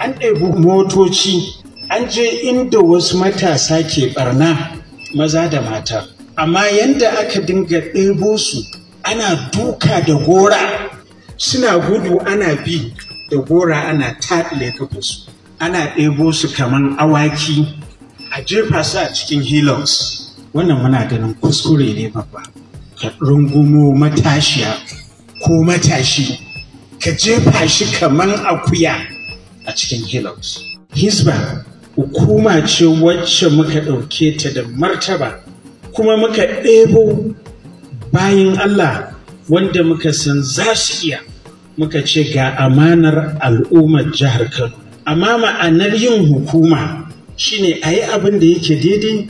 an ɗebi motoci an je inda wasu matasa ke barna maza da mata amma yadda aka dinga ɗebo su ana duka da gora suna gudu ana bi da gora ana taɗile kafa su ana ɗebo su kamar awaki a jefa su a cikin hilos wannan muna ganin kuskure ne babba ka rungumo matashiya ko matashi ka jefa shi kamar akuya a cikin hilux hisba hukuma ce wacce muka ɗauke ta da martaba kuma muka ɗebo bayan allah wanda muka san za su iya muka ce ga amanar al'ummar jihar kano amma ma'anar yin hukuma shine a yi abin da yake daidai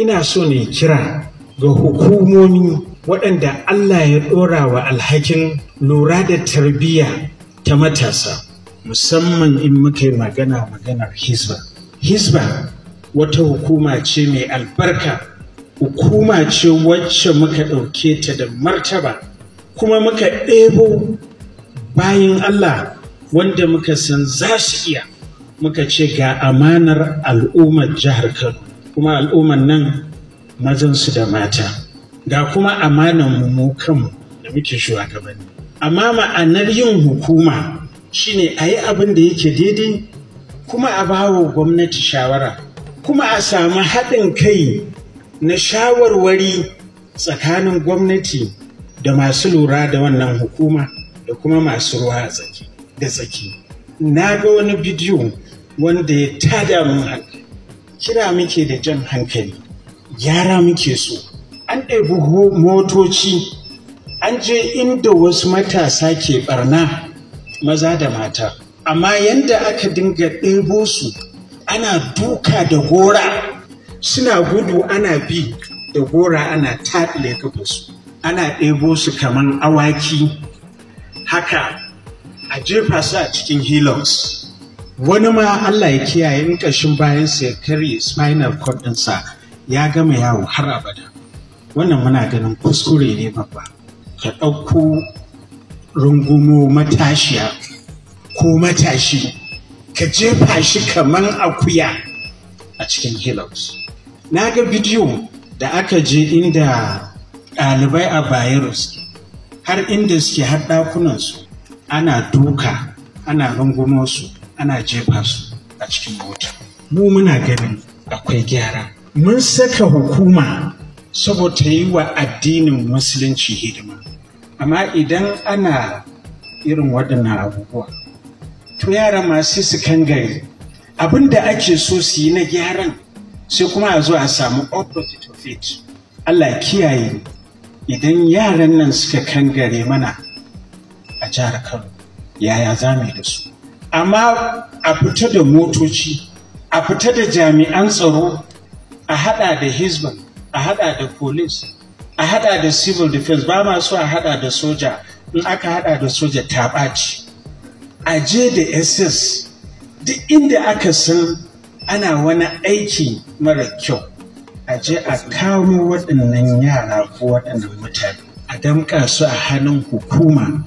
ina so ne kira ga hukumomi waɗanda Allah ya ɗora wa alhakin lura da tarbiyya ta matasa musamman in muka yi magana maganar Hisba. Hisba wata hukuma ce mai albarka hukuma ce wacce muka ɗauke ta da martaba kuma muka ɗebo bayan allah wanda muka san za su iya muka ce ga amanar al'ummar jihar kano kuma al'ummar nan mazansu da mata ga kuma amanar mu kanmu da muke shugabanni amma ma'anar yin hukuma shine a yi abin da yake daidai kuma a bawa gwamnati shawara kuma a samu haɗin kai na shawarwari tsakanin gwamnati da masu lura da wannan hukuma da kuma masu ruwa da tsaki na ga wani bidiyo wanda ya tada mun hankali kira muke da jan hankali gyara muke so an buhu motoci an je inda wasu matasa ke barna maza da mata amma yadda aka dinga ɗebo su ana duka da gora suna gudu ana bi da gora ana taɗile gaba su ana ɗebo su kamar awaki haka a jefa su a cikin hilux wani ma allah ya kiyaye in ƙashin bayan ya karye spinal cord ɗinsa ya gama yawo har abada wannan muna ganin kuskure ne babba ka ɗauko rungumo matashiya ko matashi ka jefa shi kamar akuya a cikin hilos na ga bidiyo da aka je inda ɗalibai a bayero har inda suke har ana duka ana rungumo su ana jefa su a cikin mota mu muna ganin akwai gyara mun saka hukuma saboda yi wa addinin musulunci hidima amma idan ana irin waɗannan abubuwa to yara masu su kan gari abin da ake so su yi na gyaran sai kuma a zo a samu opposite of it Allah kiyaye idan yaran nan suka kan gare mana a jihar Kano yaya za mu da su amma a fita da motoci a fita da jami'an tsaro a hada da hizban a haɗa da police a haɗa da civil defense ba ma so a haɗa da soja in aka haɗa da soja ta ɓaci a je da ss duk inda aka san ana wani aiki mara kyau a je a kawo waɗannan yara ko waɗannan mutane a damƙa su a hannun hukuma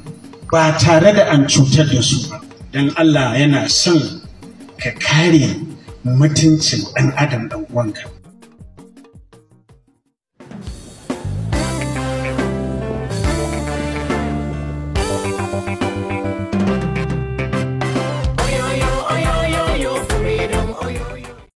ba tare da an cutar da su ba don allah yana son ka kare mutuncin ɗan adam ɗan uwanka